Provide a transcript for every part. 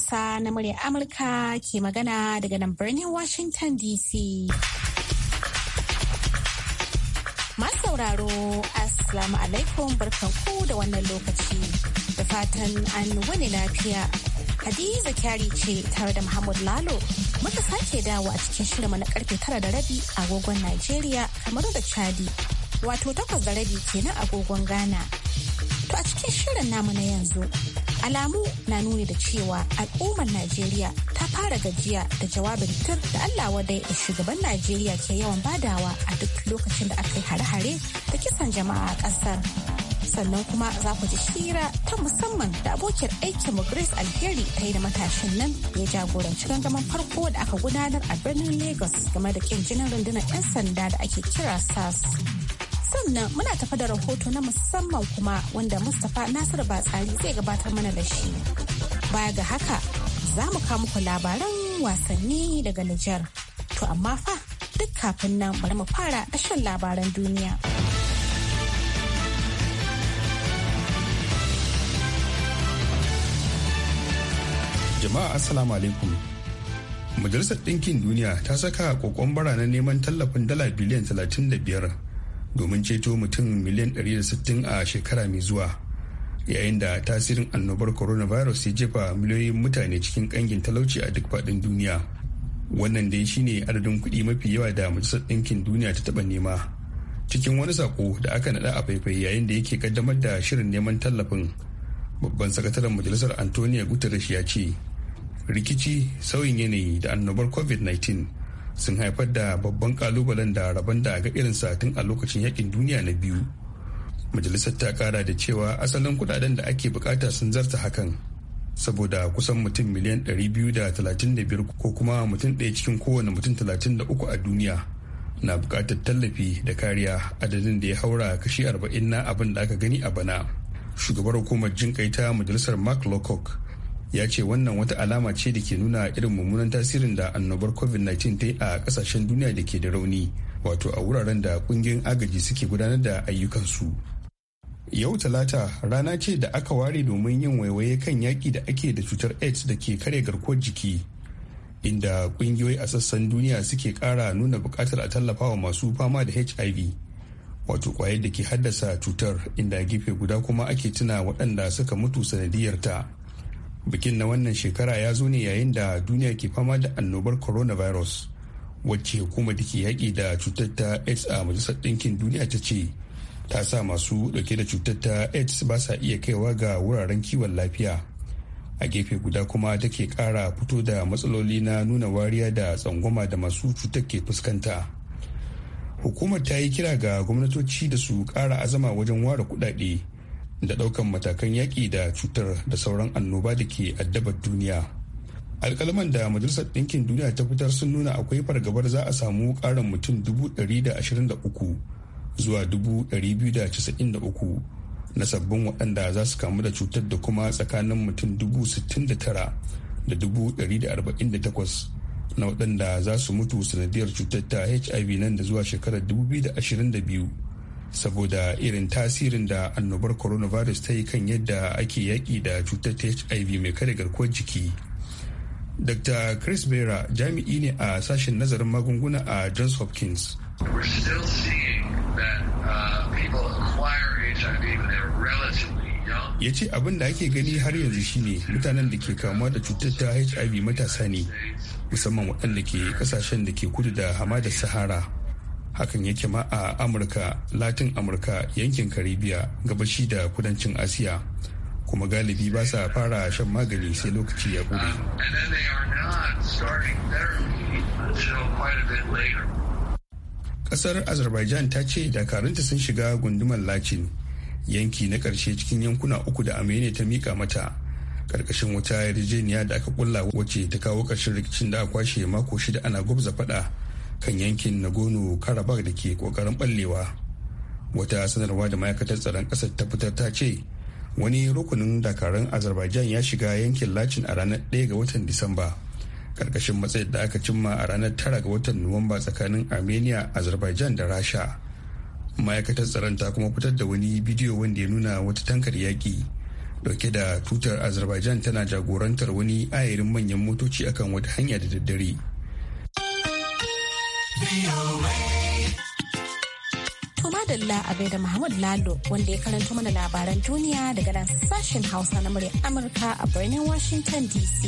Hausa na muryar Amurka ke magana daga nan birnin Washington DC. Masu sauraro, Assalamu alaikum barkanku da wannan lokaci. Da fatan an wani lafiya. Hadiza kyari ce tare da Muhammad Lalo. Muka sake dawo a cikin shirinmu na karfe tara da rabi agogon Najeriya kamar da Chadi. Wato takwas da rabi kenan agogon Ghana. To a cikin shirin namu na yanzu alamu na nuni da cewa al'ummar najeriya ta fara gajiya da jawabin tur da allah wadai da shugaban najeriya ke yawan badawa a duk lokacin da aka yi hare-hare da kisan jama'a a kasar sannan kuma za ku ji hira ta musamman da abokiyar aikin mu grace alheri ta yi da matashin nan ya jagoranci gangamin farko da aka gudanar a birnin lagos game da kin jinin rundunar 'yan sanda da ake kira sas sannan muna tafa da rahoto na musamman kuma wanda mustapha nasiru batsari zai gabatar mana da shi baya ga haka za mu kawo muku labaran wasanni daga nijar to amma fa duk kafin nan bari mu fara shan labaran duniya jama'a assalamu alaikum majalisar ɗinkin duniya ta saka kokon na neman tallafin dala biliyan 35 domin ceto mutum miliyan 160 a shekara mai zuwa yayin da tasirin annobar coronavirus ya jefa miliyoyin mutane cikin kangin talauci a duk faɗin duniya wannan dai shine adadin kuɗi mafi yawa da majalisar ɗinkin duniya ta taɓa nema cikin wani sako da aka naɗa a faifai yayin da yake kaddamar da shirin neman tallafin babban sakataren majalisar antonio guterres ya ce rikici sauyin yanayi da annobar covid-19 sun haifar da babban kalubalen da rabon da ga irin satin a lokacin yakin duniya na biyu majalisar ta kara da cewa asalin kudaden da ake bukata sun zarta hakan saboda kusan mutum miliyan 235 ko kuma mutum ɗaya cikin kowane mutum 33 a duniya na bukatar tallafi da kariya adadin da ya haura kashi 40 na abin da aka gani a bana shugabar hukumar jinkai ta majalisar mark lowcock ya ce wannan wata alama ce da ke nuna irin mummunan tasirin da annobar covid-19 ta yi a kasashen duniya da ke da rauni wato a wuraren da kungiyoyin agaji suke gudanar da ayyukansu yau talata rana ce da aka ware domin yin waiwaye kan yaƙi da ake da cutar aids da ke kare garkuwar jiki inda kungiyoyi a sassan duniya suke ƙara nuna buƙatar a tallafawa masu fama da hiv wato kwayar da ke haddasa cutar inda gefe guda kuma ake tuna waɗanda suka mutu sanadiyarta bikin na wannan shekara ya zo ne yayin da duniya ke fama da annobar coronavirus wacce hukumar da ke yaƙi da cutar ta aids a majalisar ɗinkin duniya ta ce ta sa masu ɗauke da cutar ta aids ba sa iya kaiwa ga wuraren kiwon lafiya a gefe guda kuma take ƙara fito da matsaloli na nuna wariya da tsangwama da masu cutar ke fuskanta hukumar ta yi kira ga gwamnatoci da su ƙara azama wajen ware kuɗaɗe da ɗaukan matakan yaƙi da cutar da sauran annoba da ke addabar duniya. alkalaman da Majalisar Ɗinkin Duniya ta fitar sun nuna akwai fargabar za a samu ƙarin mutum uku zuwa uku na sabbin waɗanda za su kamu da cutar da kuma tsakanin mutum tara da takwas na waɗanda za su mutu sanadiyar cutar ta HIV nan da zuwa shekarar biyu. saboda irin tasirin da annobar coronavirus ta yi kan yadda ake yaƙi da cutar hiv mai kare garkuwar jiki dr chris vera jami'i ne a sashen nazarin magunguna a johns hopkins uh, ya ce abin da ake gani har yanzu shine mutanen da ke kamuwa da cutar ta hiv matasa ne musamman waɗanda ke kasashen da ke kudu da hamadar sahara hakan yake ma a amurka latin amurka yankin karibiya gabashi da kudancin asiya kuma galibi ba sa fara shan magani sai lokaci ya ƙure. kasar um, azerbaijan ta ce dakarunta sun shiga gundumar lacin yanki na karshe cikin yankuna uku da amene ta mika mata karkashin wata yarjejeniya da aka kulla wacce ta kawo ƙarshen rikicin da a kwashe mako shida ana gwabza faɗa kan yankin nagorno karabakh da ke kokarin ballewa wata sanarwa da ma'aikatar tsaron ƙasar ta fitar ta ce wani rukunin dakarun azerbaijan ya shiga yankin lacin a ranar 1 ga watan disamba karkashin matsayin da aka cimma a ranar 9 ga watan nuwamba tsakanin armenia azerbaijan da rasha ma'aikatar tsaron ta kuma fitar da wani bidiyo wanda ya nuna wata tankar yaƙi dauke da tutar azerbaijan tana jagorantar wani ayarin manyan motoci akan wata hanya da daddare Tuma Dalla a da Muhammad Lalo wanda ya karanto mana labaran duniya daga nan sashen Hausa na muryar Amurka a birnin Washington DC.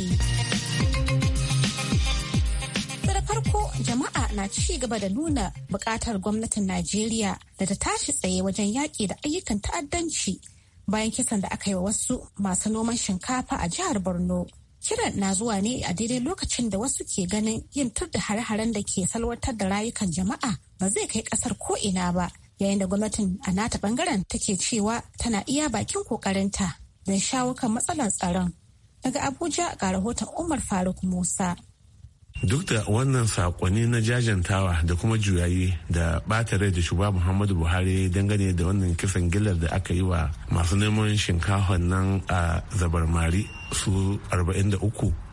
Da farko jama'a na ci gaba da nuna bukatar gwamnatin Najeriya da ta tashi tsaye wajen yaƙi da ayyukan ta'addanci bayan kisan da aka yi wa wasu masu noman shinkafa a jihar Borno. Kiran na zuwa ne a daidai lokacin da wasu ke ganin yin tur da hare-haren da ke salwantar da rayukan jama'a ba zai kai kasar ko ina ba yayin da gwamnatin a nata bangaren take cewa tana iya bakin kokarinta don shawo kan matsalar tsaron. Daga Abuja ga rahoton Umar Faruk Musa. duk da wannan sakonni na jajantawa da kuma juyayi da bata rai da shugaba muhammadu buhari dangane da wannan kisan gillar da aka yi wa masu neman shinkafa nan a zabarmari su 43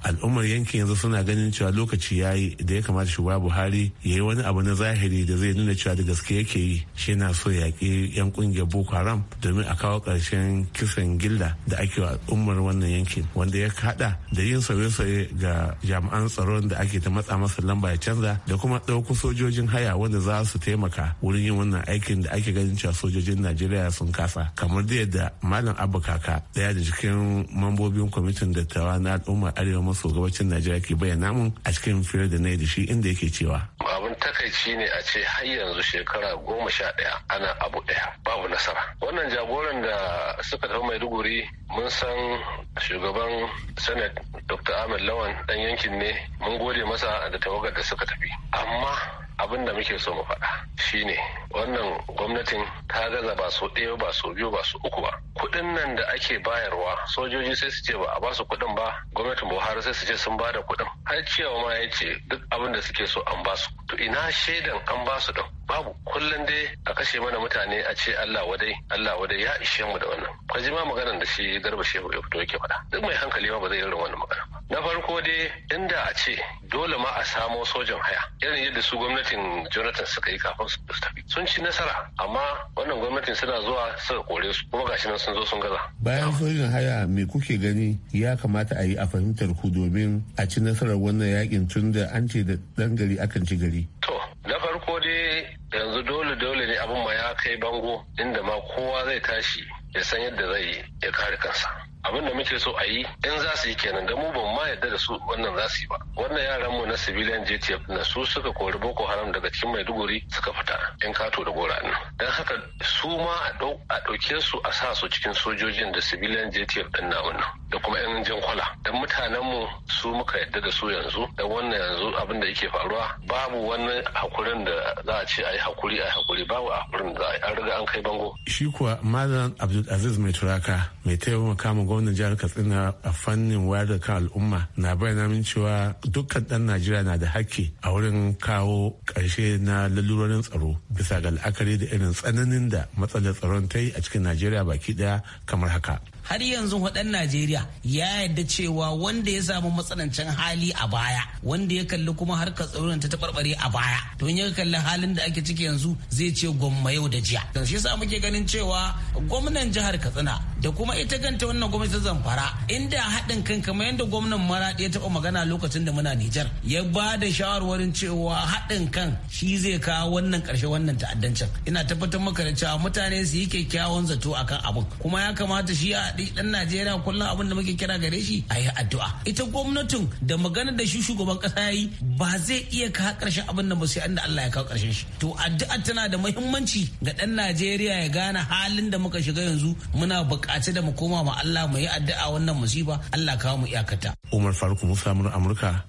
al'ummar yankin yanzu suna ganin cewa lokaci ya yi da ya kamata shugaba buhari ya yi wani abu na zahiri da zai nuna cewa da gaske yake yi shi na so yaƙi 'yan ƙungiyar boko haram domin a kawo ƙarshen kisan gilla da ake wa al'ummar wannan yankin wanda ya haɗa da yin sauye-sauye ga jami'an tsaron da ake ta matsa masa lamba ya canza da kuma ɗauko sojojin haya wanda za su taimaka wurin yin wannan aikin da ake ganin cewa sojojin najeriya sun kasa kamar da yadda malam abu kaka ɗaya da cikin mambobin kwamitin kwamitin dattawa na al'ummar arewa maso gabacin najeriya ke bayyana mun a cikin fiye da na da shi inda yake cewa abun takaici ne a ce har yanzu shekara goma sha ɗaya ana abu ɗaya babu nasara wannan jagoran da suka tafi maiduguri mun san shugaban senate dr ahmed lawan ɗan yankin ne mun gode masa da tawagar da suka tafi amma abin da muke so mu faɗa shine wannan gwamnatin ta gaza ba so ɗaya ba so biyu ba so uku ba kuɗin nan da ake bayarwa sojoji sai su ce ba a ba su kuɗin ba gwamnatin buhari sai su ce sun ba da kuɗin har cewa ma ya ce duk abin da suke so an ba su to ina shaidan an ba su ɗin babu kullum dai a kashe mana mutane a ce Allah wadai Allah wadai ya ishe mu da wannan kwaji ma maganar da shi garba shehu ya fito yake faɗa duk mai hankali ma ba zai irin wannan magana na farko dai inda a ce dole ma a samo sojan haya irin yadda su gwamnatin jonathan suka yi kafin su tafi sun ci nasara amma wannan gwamnatin suna zuwa suka kore su kuma gashi nan sun zo sun gaza bayan sojan haya me kuke gani ya kamata a yi a fahimtar ku domin a ci nasarar wannan yakin tun da an ce da dan gari akan ci gari to na farko dai yanzu dole dole ne abin ma ya kai bango inda ma kowa zai tashi ya san yadda zai ya kare kansa abin da muke so a yi in za su yi kenan da mu ban ma yadda da su wannan za su yi ba wannan yaran mu na civilian JTF na su suka kori Boko Haram daga cikin Maiduguri suka fita in kato da gora nan dan haka su ma a ɗauke su a sa su cikin sojojin da civilian JTF din na wannan da kuma yan jan kwala dan mutanen mu su muka yadda da su yanzu da wannan yanzu abin da yake faruwa babu wani hakurin da za a ce a yi hakuri a yi hakuri babu hakurin da za a an riga an kai bango shi kuwa malam Abdul Aziz mai turaka mai taimaka gwamnan jihar katsina a fannin wayar da kan al'umma na bayyana min cewa dukkan dan najeriya na da hakki a wurin kawo ƙarshe na lalurorin tsaro bisa ga la'akari da irin tsananin da matsalar tsaron ta yi a cikin najeriya baki daya kamar haka har yanzu hudan Najeriya ya yadda cewa wanda ya samu matsanancin hali a baya wanda ya kalli kuma harkar tsaron ta tabarbare a baya to in ya kalli halin da ake ciki yanzu zai ce gwamma yau da jiya don shi yasa muke ganin cewa gwamnan jihar Katsina da kuma ita kanta wannan gwamnati Zamfara inda haɗin kan kamar yadda gwamnan Maraɗi ya taɓa magana lokacin da muna Nijar ya ba da shawarwarin cewa haɗin kan shi zai kawo wannan ƙarshe wannan ta'addancin ina tabbatar maka da cewa mutane su yi kyakkyawan zato akan abin kuma ya kamata shi a faɗi ɗan Najeriya kullum abin da muke kira gare shi a yi addu'a. Ita gwamnatin da maganar da shi shugaban ƙasa ya yi ba zai iya kawo ƙarshen abin da ba sai an da Allah ya kawo ƙarshen shi. To addu'a tana da muhimmanci ga ɗan Najeriya ya gane halin da muka shiga yanzu muna buƙaci da mu koma ma Allah mu yi addu'a wannan musiba Allah kawo mu iyakata. Umar Faruk Musa Amurka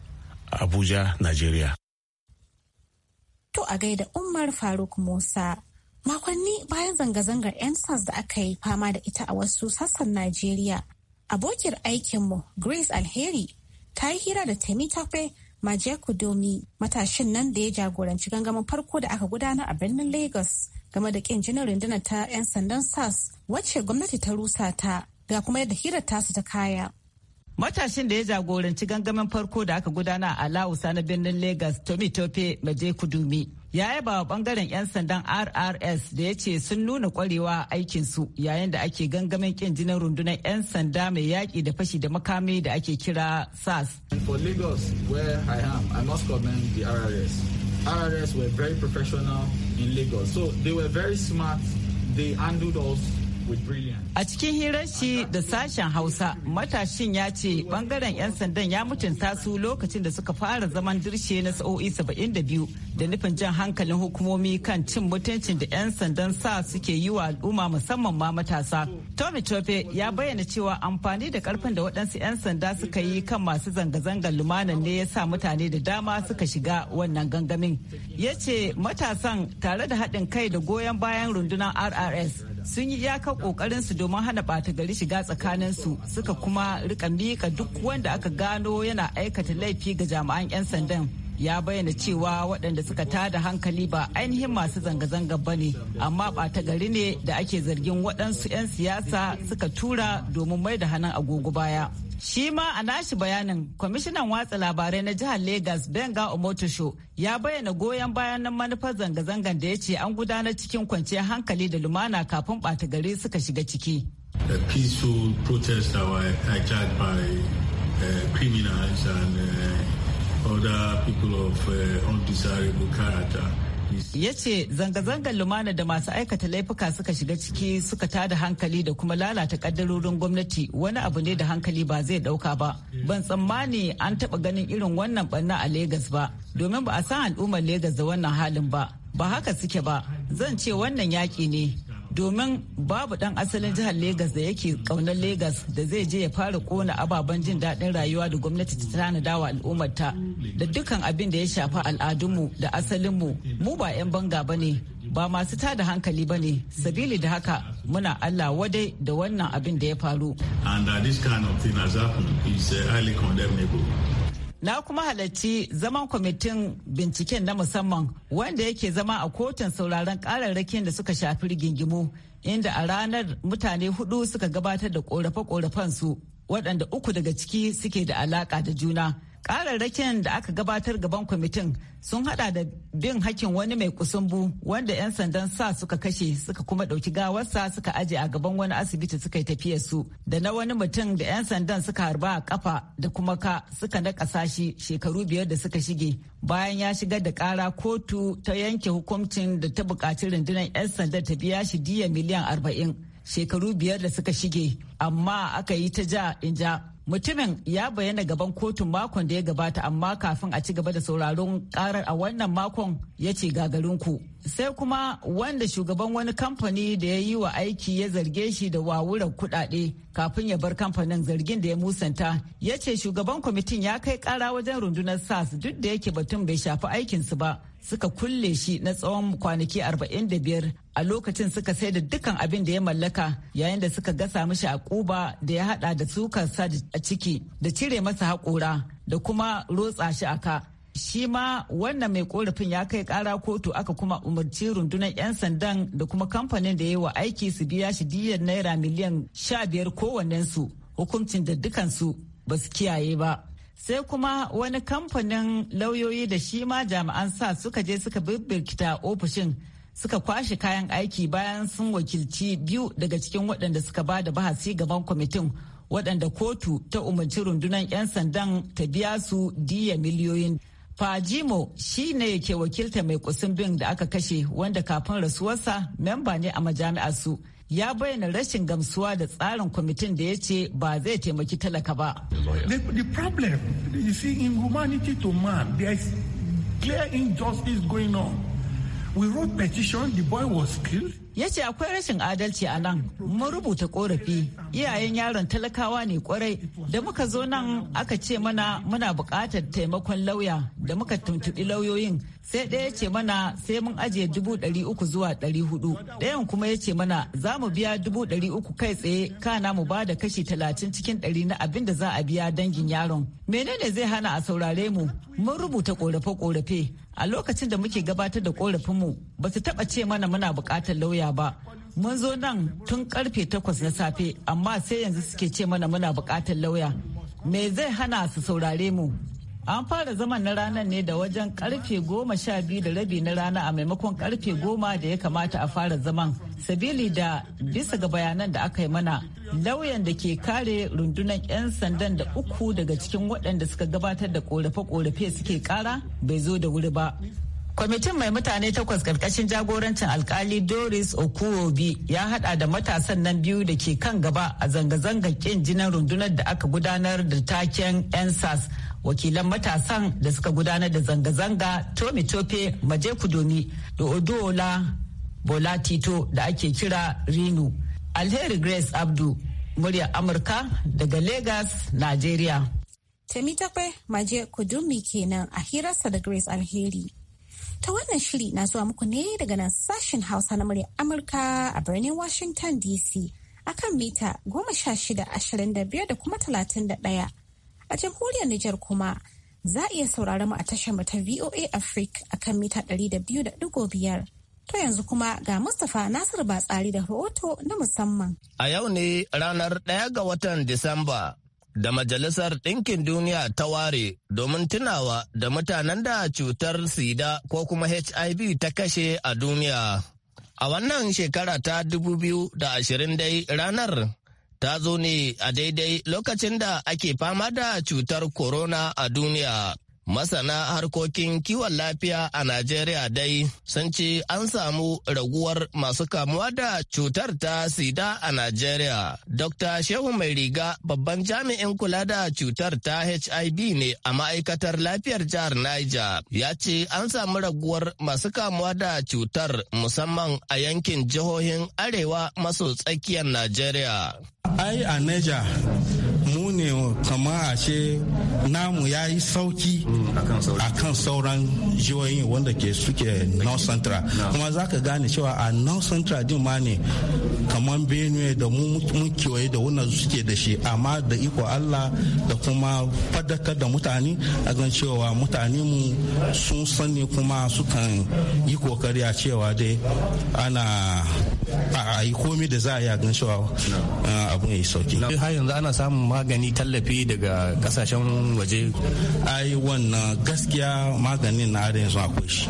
Abuja, Najeriya. To a gaida Umar Faruk Musa Makonni bayan zanga-zangar 'yan SARS da aka yi fama da ita a wasu sassan Najeriya, abokiyar aikinmu Grace Alheri ta yi hira da Temitope Majeku Domi matashin nan da ya jagoranci gangamin farko da aka gudanar a birnin Lagos game da ƙin jinin rundunar ta 'yan sandan SARS wacce gwamnati ta rusa ta ga kuma yadda hirar tasu ta kaya. Matashin da ya jagoranci gangamin farko da aka gudana a Lausa na birnin Legas Tommy Tope Maje Kudumi ya yaba wa bangaren 'yan sandan RRS da ya ce sun nuna kwarewa aikinsu yayin da ake gangamin kin jinin rundunar 'yan sanda mai yaƙi da fashi da makami da ake kira SAS. For Lagos where I am, I must commend the RRS. RRS were very professional in Lagos. So they were very smart. They handled us A cikin hirar shi da sashen Hausa, matashin ya ce bangaren 'yan sandan ya mutunta su lokacin da suka fara zaman dirshe na sa'o'i 72 da nufin jan hankalin hukumomi kan cin mutuncin da 'yan sandan sa suke yi wa al'umma musamman ma matasa. Tommy Chope ya bayyana cewa amfani da karfin da waɗansu 'yan sanda suka yi kan masu zanga-zangar lumanan ne ya sa mutane da dama suka shiga wannan gangamin. Ya ce matasan tare da haɗin kai da goyon bayan rundunar RRS sun yi iyakar kokarin su domin hana bata gari shiga tsakanin su suka kuma rika mika duk wanda aka gano yana aikata laifi ga jami'an 'yan sandan ya bayyana cewa waɗanda suka tada hankali ba ainihin masu zanga-zanga ba ne amma ɓata gari ne da ake zargin waɗansu 'yan siyasa suka tura domin mai da hannun agogo baya shi ma a nashi bayanin kwamishinan watsa labarai na jihar lagos benga omotosho ya bayyana goyon bayan nan manufar zanga-zangan da ya ce an gudanar cikin kwanciyar hankali da lumana kafin ɓata gari suka shiga ciki The peaceful protests that were hijacked by uh, criminals and eh, Uh, ya ce zanga-zangar lumana da masu aikata laifuka suka shiga ciki suka tada hankali da kuma lalata kaddarorin gwamnati wani abu ne da hankali ba zai dauka ba ban tsammani an taba ganin irin wannan banna a Legas ba domin ba a san al'ummar Legas da wannan halin ba ba haka suke ba zan ce wannan yaƙi ne domin babu dan asalin jihar Legas da yake kaunar Legas da zai je ya fara kona ababen jin daɗin rayuwa da gwamnati ta tanada wa al'ummarta da dukkan abin da ya shafi al'adunmu da asalinmu mu ba 'yan banga ba ne ba masu tada hankali ba ne sabili da haka muna Allah wadai da wannan abin da ya faru. And that this kind of thing has is highly condemnable. na kuma halarci zaman kwamitin binciken na musamman wanda yake zama a kotun sauraron kararrakin da suka shafi rigingimu inda a ranar mutane hudu suka gabatar da korafe-korafen su waɗanda uku daga ciki suke da alaƙa da juna Kararrakin da aka gabatar gaban kwamitin sun hada da bin hakin wani mai kusumbu wanda 'yan sandan sa suka kashe suka kuma dauki gawarsa suka aje a gaban wani asibiti suka yi tafiyar su da na wani mutum da 'yan sandan suka harba a kafa da kuma ka suka na shi shekaru biyar da suka shige bayan ya shiga da kara kotu ta yanke hukuncin da ta buƙaci rundunar 'yan sandan ta biya shi diya miliyan arba'in shekaru biyar da suka shige amma aka yi ta ja in ja Mutumin ya bayyana gaban kotun makon da ya gabata amma kafin a ci gaba da sauraron karar a wannan makon ya ce gagarinku. Sai kuma wanda shugaban wani kamfani da ya yi wa aiki ya zarge shi da wawurar kudade kafin ya bar kamfanin zargin da ya musanta ya ce shugaban kwamitin ya kai kara wajen rundunar sas duk da yake batun bai shafi aikinsu ba. suka kulle shi na tsawon kwanaki 45 a lokacin suka sai da dukkan abin da ya mallaka yayin da suka gasa mishi a ƙuba da ya hada da sukarsa a ciki da cire masa haƙora da kuma rotsa shi a ka shi ma wannan mai korafin ya kai ƙara kotu aka kuma umarci rundunar 'yan sandan da kuma kamfanin da ya yi wa aiki su biya shi diyar naira miliyan sha biyar kowannensu hukuncin da dukansu ba su kiyaye ba sai kuma wani kamfanin lauyoyi da shi ma jami'an sa suka je suka birbirkita ofishin suka kwashe kayan aiki bayan sun wakilci biyu daga cikin waɗanda suka ba da bahasi gaban kwamitin waɗanda kotu ta umarci rundunar 'yan sandan ta biya su diya miliyoyin Fajimo shi ne ke wakilta mai kusin bin da aka kashe wanda kafin rasuwarsa memba ne a majami'ar su ya bayyana rashin gamsuwa da tsarin kwamitin da ya ce ba zai taimaki talaka ba. The problem you see in humanity to man there is clear injustice going on. We wrote petition, the boy was killed. Ya ce akwai rashin adalci a nan, mun rubuta korafi, iyayen yaron talakawa ne kwarai, da muka zo nan aka ce mana muna bukatar taimakon lauya da muka tuntuɓi lauyoyin, sai ɗaya ce mana sai mun ajiye dubu ɗari uku zuwa ɗari hudu, ɗayan kuma ya ce mana za mu biya dubu ɗari uku kai tsaye kana mu ba da kashi talatin cikin ɗari na abin da za a biya dangin yaron. Menene zai hana a saurare mu? Mun rubuta ƙorafe korafe a lokacin da muke gabatar da korafinmu ba su taba ce mana muna bukatar lauya ba mun zo nan tun karfe takwas na safe amma sai yanzu suke ce mana muna bukatar lauya me zai hana su saurare mu An fara zaman na ranar ne da wajen karfe goma sha biyu da rabi na rana a maimakon karfe goma da ya kamata a fara zaman. Sabili da bisa ga bayanan da aka yi mana lauyan da ke kare rundunar 'yan sandan da uku daga cikin waɗanda suka gabatar da korafe-korafe suke kara bai zo da wuri ba. kwamitin mai mutane takwas karkashin jagorancin alkali doris okuobi ya hada da matasan nan biyu da ke kan gaba a zanga-zangar kin jinin rundunar da aka gudanar da taken ensas wakilan matasan da suka gudanar da zanga-zanga tomi tope maje kudomi da odola bola tito da ake kira rinu alheri grace abdu murya amurka daga lagos nigeria temitape maje kudumi kenan a hirarsa da grace alheri ta wannan shiri na zuwa muku ne daga nan sashen hausa na murya amurka a birnin washington dc akan mita goma sha shida ashirin da biyar da kuma talatin da ɗaya a jamhuriyar nijar kuma za a iya saurari mu a tashar mu ta voa africa akan mita ɗari da biyu da ɗigo biyar To yanzu kuma ga Mustapha Nasir Batsari da rahoto na musamman. A yau ne ranar ɗaya ga watan Disamba da Majalisar Ɗinkin Duniya ta ware domin tunawa da mutanen da cutar sida ko kuma HIV ta kashe a duniya. A wannan shekara ta da ashirin dai ranar ta zo ne a daidai lokacin da ake fama da cutar corona a duniya Masana harkokin kiwon lafiya a Najeriya dai sun ce an samu raguwar masu kamuwa da cutar ta sida a Najeriya. Dr. Shehu Mai Riga babban jami'in kula da cutar ta HIV ne a ma'aikatar lafiyar jihar Niger. Ya ce an samu raguwar masu kamuwa da cutar musamman a yankin jihohin Arewa maso tsakiyar Najeriya. Ai a Niger ne kama ashe namu ya yi sauki a kan sauran jihohin wanda ke suke north central kuma za ka gane cewa a north central din ma ne kamar benue da mun kewaye da wannan suke da shi amma da iko allah da kuma fadakar da mutane a gan cewa mutane mu sun sani kuma sukan yi kokari a cewa dai ana a yi komi da za a yi a gan cewa abin ya yi sauki har yanzu ana samun magani tallafi daga kasashen waje ai wannan gaskiya maganin na yanzu akwai shi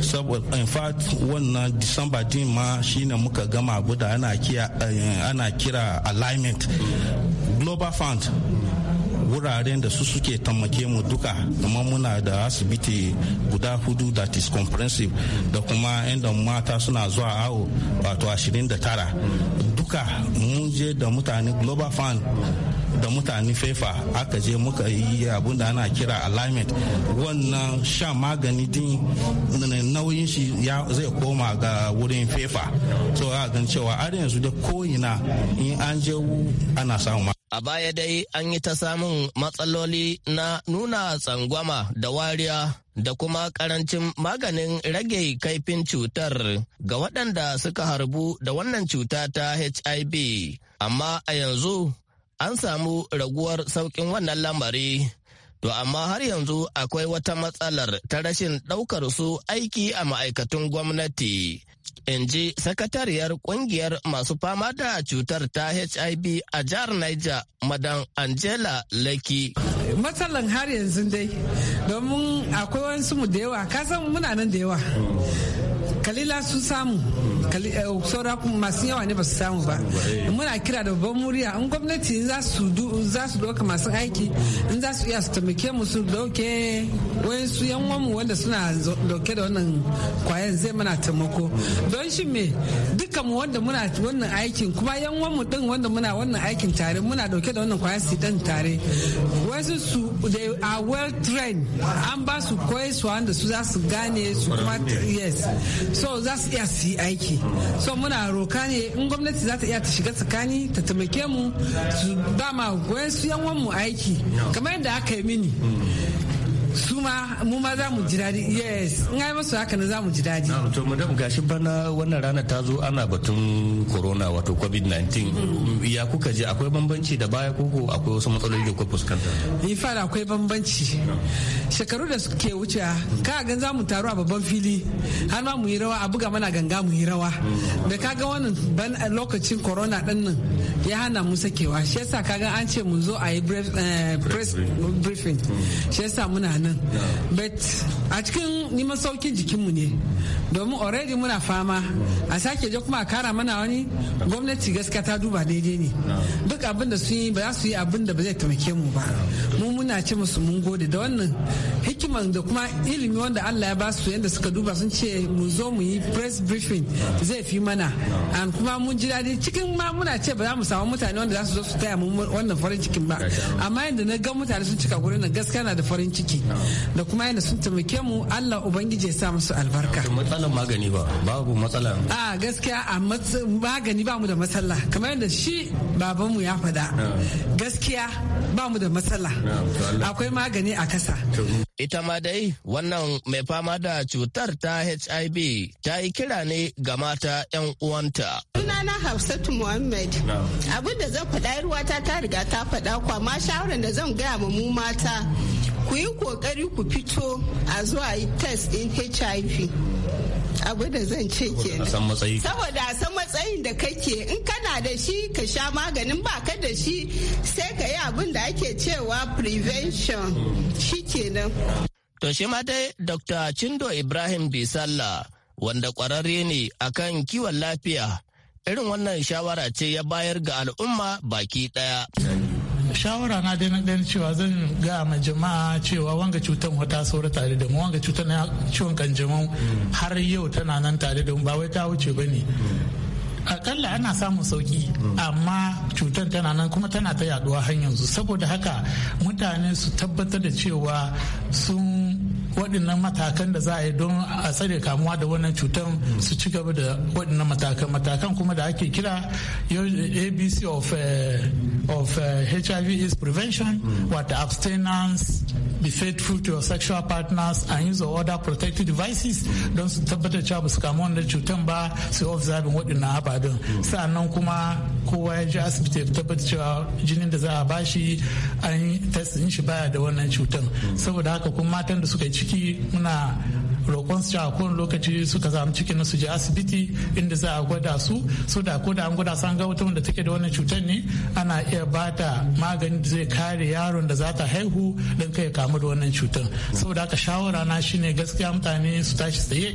saboda in fact wannan december din ma shine muka gama guda eh, ana kira alignment global fund wuraren da su suke tamake mu duka kuma muna da asibiti guda hudu that is comprehensive da kuma inda mata suna zuwa awo wato 29 duka mun je da mutane global fund da mutane fefa aka je muka yi abun da ana kira alignment wannan sha magani din nauyin shi zai koma ga wurin fefa so a gan cewa har yanzu da ko'ina in an je ana samu A baya dai an yi ta samun matsaloli na nuna tsangwama da wariya da kuma karancin maganin rage kaifin cutar ga waɗanda suka harbu da wannan cuta ta HIV. Amma a yanzu an samu raguwar sauƙin wannan lamari. To amma har yanzu akwai wata matsalar ta rashin ɗaukar su aiki a ma'aikatun gwamnati. In ji sakatariyar ƙungiyar masu fama da cutar ta HIV a jihar Niger, Madan Angela Lekki. Matsalan har yanzu dai, domin akwai wasu mu da yawa, kasan muna nan da yawa. kalila sun samu eh, saura masu yawa ne ba su samu ba muna kira da babban murya in gwamnati za su doka masu aiki in za su iya su taimake mu su dauke su yan mu wanda suna dauke da wannan kwayan zai mana taimako don shi me dukkan mu wanda muna wannan aikin kuma yan mu din wanda muna wannan aikin tare muna dauke da wannan kwayan su din tare wasu su they are well trained an ba su koyi su wanda su za su gane su kuma yes so za su iya su yi aiki so muna roka ne in gwamnati za ta iya ta shiga tsakani ta taimake mu su ba ma goyon su yan mu aiki kamar yadda aka yi mini su ma mu ma za mu ji daɗi yes in ai masu haka na za mu ji daɗi na to madam gashi bana wannan rana ta zo ana batun corona wato covid-19 ya kuka je akwai bambanci da baya koko akwai wasu matsaloli da ku fuskanta in fara akwai bambanci shekaru da suke wuce ka ga za mu taru a babban fili har ma mu yi rawa a buga mana ganga mu yi rawa da ka ga wannan ban eh, lokacin corona din nan ya hana mu sakewa shi yasa ka ga an ce mu zo a yi eh, press briefing shi yasa muna nan but a cikin neman saukin jikinmu ne domin already muna fama a sake je kuma a kara mana wani gwamnati gaskiya ta duba daidai ne duk abin da su yi ba za su yi abin da ba zai taimake mu ba mu muna ce musu mun gode da wannan hikiman da kuma ilimi wanda Allah ya ba su yadda suka duba sun ce mu zo mu yi press briefing zai fi mana an kuma mun ji dadi cikin ma muna ce ba za mu samu mutane wanda za su zo su taya mu wannan farin cikin ba amma yadda na ga mutane sun cika gurin nan gaskiya na da farin ciki da kuma yadda sun taimake mu Allah ubangiji ya sa musu albarka matsalan magani ba babu matsala a gaskiya a magani ba mu da matsala kamar yadda shi babanmu ya fada gaskiya ba mu da matsala akwai magani a kasa ita ma dai wannan mai fama da cutar ta hiv ta yi kira ne ga mata 'yan uwanta sunana hafsatu muhammad abin da zan faɗa ruwata ta riga ta faɗa kwa ma shawarar da zan gaya mu mata ku yi kokari ku fito a zuwa test in hiv abu da zan ce kenan saboda a san matsayin da kake in kana da shi ka sha maganin baka da shi sai ka yi abin da ake cewa prevention shi kenan to shi ma dai dr chindo ibrahim bisalla wanda kwararre ne akan kiwon lafiya irin wannan shawara ce ya bayar ga al'umma baki daya shawara na dai na ɗan cewa zan ga ma jama'a cewa wanga cutan wata saura tare da mu wanga cutan na ciwon kanjamau har yau tana nan tare da mu ba wai ta wuce ba ne akalla ana samun sauki amma cutar tana nan kuma tana ta yaduwa har yanzu saboda haka mutane su tabbatar da cewa sun waɗannan matakan da za a yi don a tsare kamuwa da wannan cutar su ci gaba da waɗannan matakan matakan kuma da ake kira abc of, uh, of uh, eh, hiv is prevention wata abstinence be faithful to your sexual partners and use other protective devices don su tabbatar cewa su kamu wannan cutar ba su observing waɗannan ababen sa'annan kuma kowa ya ji asibiti ya tabbata cewa jinin da za a bashi an test shi baya da wannan cutar saboda haka kuma matan da suka yi ciki muna roƙon su a kowane lokaci suka zama cikin su je asibiti inda za a gwada su so da ko da an gwada san ga wata wanda take da wannan cutar ne ana iya ba ta magani da zai kare yaron da za ta haihu don kai kamu da wannan cutar saboda haka shawara na shine gaskiya mutane su tashi tsaye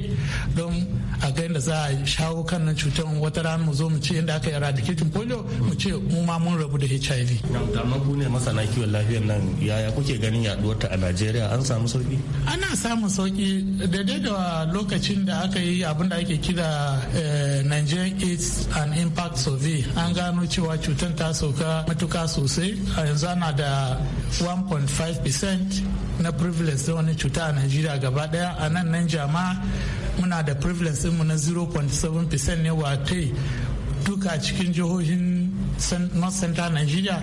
don a ga inda za a shawo kan nan cutar wata rana mu zo mu ce inda aka eradicating polio mu ce mu ma mun rabu da HIV. Dama ku ne masana kiwon lafiyar nan yaya kuke ganin yaduwar ta a Najeriya an samu sauki? Ana samun sauki da daidai da lokacin da aka yi abin da ake kira eh, nigerian aids and impact survey an gano cewa cutar ta sauka matuka sosai a yanzu ana da 1.5% na prevalence da wani cuta a najeriya gaba daya a nan nan jama muna da prevalence mu na 0.7% ne wa kai duka cikin jihohin north central nigeria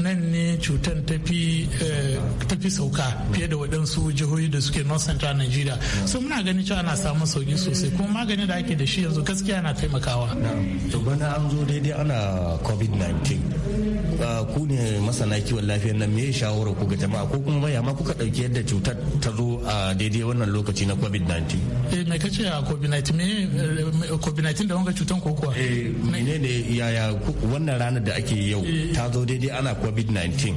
nan ne cutar eh, ta fi sauka fiye da waɗansu jihohi da suke north central nigeria so muna ganin cewa ana samun sauki sosai kuma magani da ake da shi yanzu gaskiya na taimakawa to bana an zo daidai ana covid-19 ah, ku ne masana kiwon lafiyar nan me shawara ku ga jama'a ko kuma baya ma kuka ɗauki yadda cutar ta zo a daidai wannan lokaci na covid-19 eh me kace a covid-19 me eh, covid-19 da wanga cutan ko kuwa eh menene yaya wannan ranar da ake yau eh. ta zo daidai ana covid-19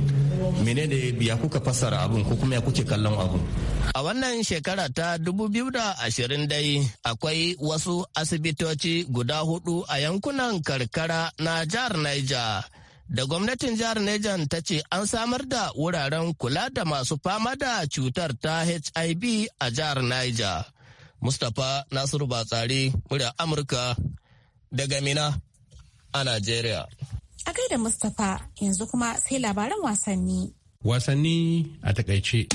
menene ya kuka fassara abun ko kuma ya kuke kallon abun a wannan shekara ta 2020 dai akwai wasu asibitoci guda hudu a yankunan karkara na jihar niger da gwamnatin jihar Niger ta ce an samar da wuraren kula da masu fama da cutar ta HIV a jihar Niger. Mustapha Nasiru Batsari, murya Amurka daga Mina a Najeriya. A da Mustapha yanzu kuma sai labaran wasanni. Wasanni a takaice.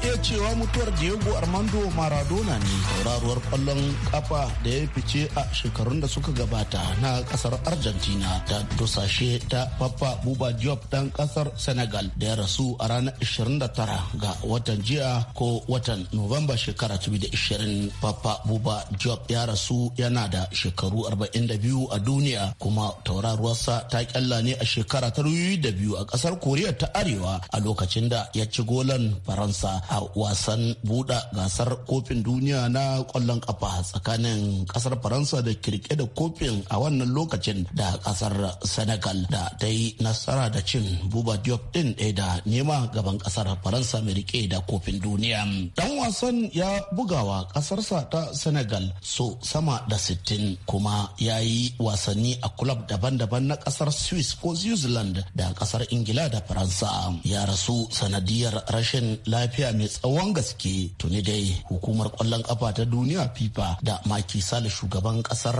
iya cewa mutuwar Diego Armando Maradona ne tauraruwar kwallon kafa da ya fice a shekarun da suka gabata na kasar Argentina ta dosashe ta Papa Buba Diop dan kasar Senegal da ya rasu a ranar 29 ga watan jiya ko watan Nuwamba shekara 2020. Papa Buba Diop ya rasu yana da shekaru 42 a duniya kuma tauraruwarsa ta kyalla ne a shekara ta biyu a kasar Koriya ta Arewa a lokacin da ya ci golan Faransa a wasan buɗa gasar kofin duniya na ƙwallon ƙafa tsakanin ƙasar Faransa da kirke da kofin a wannan lokacin da ƙasar Senegal da ta yi nasara da cin Buba Diop ɗin ɗaya da nema gaban ƙasar Faransa mai rike da kofin duniya. Ɗan wasan ya bugawa ƙasarsa ta Senegal so sama da sittin kuma ya yi wasanni a kulab daban-daban na ƙasar Swiss ko New Zealand da ƙasar Ingila da Faransa. Ya rasu sanadiyar rashin lafiya ne tsawon gaske tuni dai hukumar kwallon kafa ta duniya fifa da maki sale shugaban kasar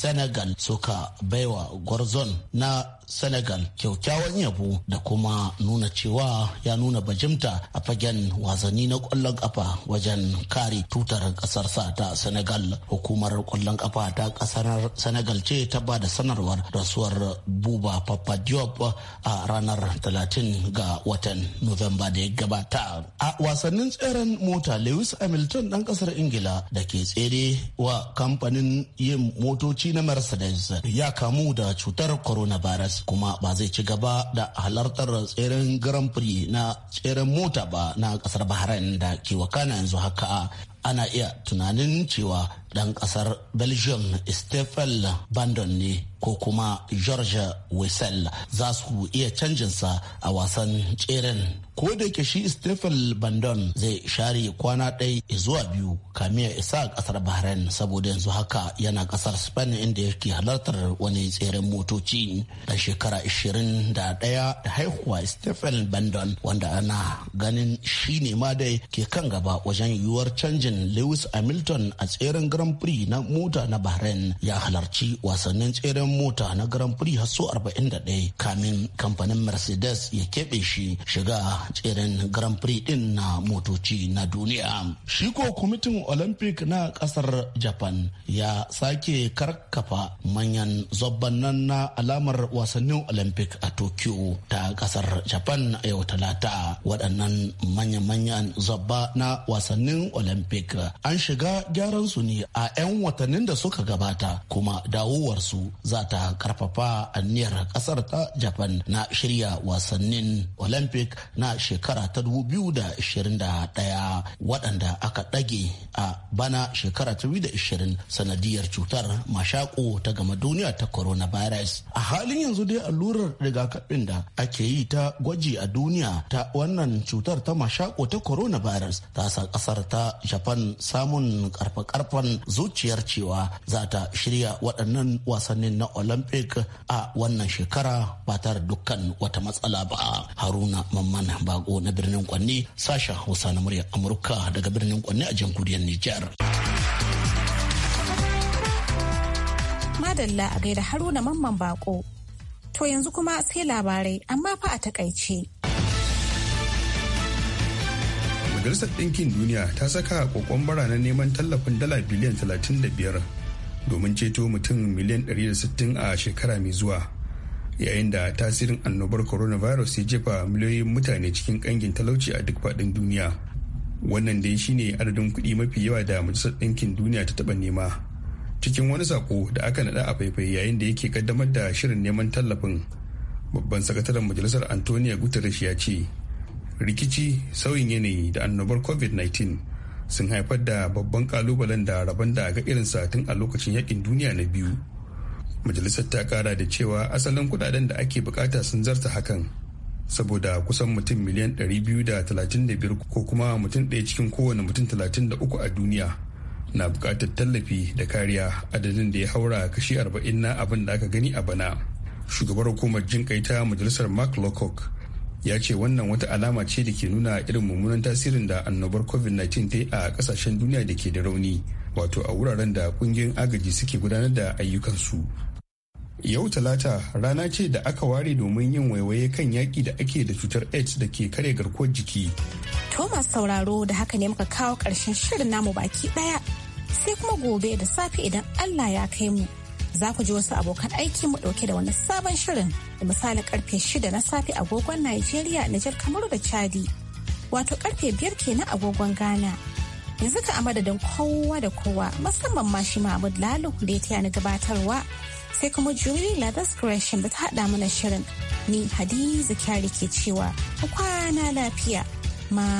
senegal suka baiwa gwarzon na Senegal kyaukyawan yabo da kuma nuna cewa ya nuna bajimta a fagen wasanni na kwallon kafa wajen kare tutar sa ta Senegal. Hukumar kwallon kafa ta kasar Senegal ce ta ba da sanarwar rasuwar Buba Papa Diop a ranar 30 ga watan Nuwamba da ya gabata. A wasannin tseren mota Lewis Hamilton ɗan ƙasar Ingila da ke tsere wa kamfanin yin motoci na Mercedes ya kamu da cutar coronavirus kuma ba zai ci gaba da halartar tseren grand prix na tseren mota ba na kasar bahrain da ke wakana yanzu haka ana iya tunanin cewa dan kasar belgium stephen bandon ne ko kuma George Wessel za su iya canjinsa a wasan tseren. Ko da ke shi Stephen Bandon zai share kwana ɗaya zuwa biyu kamiya isa ƙasar Bahrain saboda yanzu haka yana ƙasar Spain inda yake halartar wani tseren motoci. A shekara 21 da haihuwa Stephen Bandon wanda ana ganin shi ne ma dai ke kan gaba wajen yiwuwar canjin Lewis Hamilton a tseren Grand Prix na mota na Bahrain ya halarci wasannin tseren tsakanin mota na Grand Prix har so 41 kamin kamfanin Mercedes ya keɓe shi shiga tseren Grand Prix din na motoci na duniya. Shi ko kwamitin Olympic na ƙasar Japan ya sake karkafa manyan zobban nan na alamar wasannin Olympic a Tokyo ta ƙasar Japan a yau talata waɗannan manya-manyan zobba na wasannin Olympic an shiga gyaran su ne a 'yan watannin da suka gabata kuma dawowarsu za zata ta karfafa aniyar kasar ta japan na shirya wasannin olympic na shekara ta 2021 waɗanda aka ɗage a bana shekara ta 2020 sanadiyar cutar mashako ta gama duniya ta coronavirus a halin yanzu dai allurar rigakafin da ake yi ta gwaji a duniya ta wannan cutar ta mashako ta coronavirus ta sa kasar ta japan samun karfe karfan zuciyar cewa za ta shirya waɗannan wasannin na olympic a wannan shekara ba tare dukkan wata matsala ba haruna mamman bago na birnin kwanne sashen hausa na muryar amurka daga birnin kwanni a jamhuriyar nijar madalla a gaida haruna mamman bako to yanzu kuma sai labarai amma fa a takaice majalisar ɗinkin duniya ta saka kokon na neman tallafin dala biliyan 35 domin ceto mutum miliyan 160 a shekara mai zuwa yayin da tasirin annobar coronavirus ya jefa miliyoyin mutane cikin kangin talauci a duk faɗin duniya wannan dai shine adadin kuɗi mafi yawa da majalisar ɗinkin duniya ta taɓa nema cikin wani sako da aka naɗa a faifai yayin da yake kaddamar da shirin neman tallafin babban sakataren majalisar antonio guterres ya ce rikici sauyin yanayi da annobar covid-19 sun haifar da babban kalubalen da rabon da ga irin satin a lokacin yakin duniya na biyu majalisar ta kara da cewa asalin kudaden da ake bukata sun zarta hakan saboda kusan mutum miliyan 235 ko kuma mutum ɗaya cikin kowane mutum 33 a duniya na bukatar tallafi da kariya adadin da ya haura kashi 40 na abin da aka gani a bana shugabar hukumar jinkai ta majalisar mark lockock ya ce wannan wata alama ce da ke nuna irin mummunan tasirin da annobar covid-19 ta yi a kasashen duniya da ke da rauni wato a wuraren da kungiyoyin agaji suke gudanar da ayyukansu yau talata rana ce da aka ware domin yin waiwaye kan yaƙi da ake da cutar aids da ke kare garkuwar jiki thomas sauraro da haka ne muka kawo ƙarshen shirin namu baki ɗaya sai kuma gobe da safe idan allah ya kai mu za ku ji wasu abokan aiki mu dauke da wani sabon shirin da misali karfe shida na safe agogon Najeriya, Nijar, Kamaru da Chadi. Wato karfe biyar kenan agogon Ghana. Yanzu ka amadadin kowa da kowa musamman ma shi Mahmud lalu da ya taya gabatarwa sai kuma Julie Ladas Gresham da ta hada mana shirin. Ni Hadiza Kyari ke cewa kwana lafiya. Ma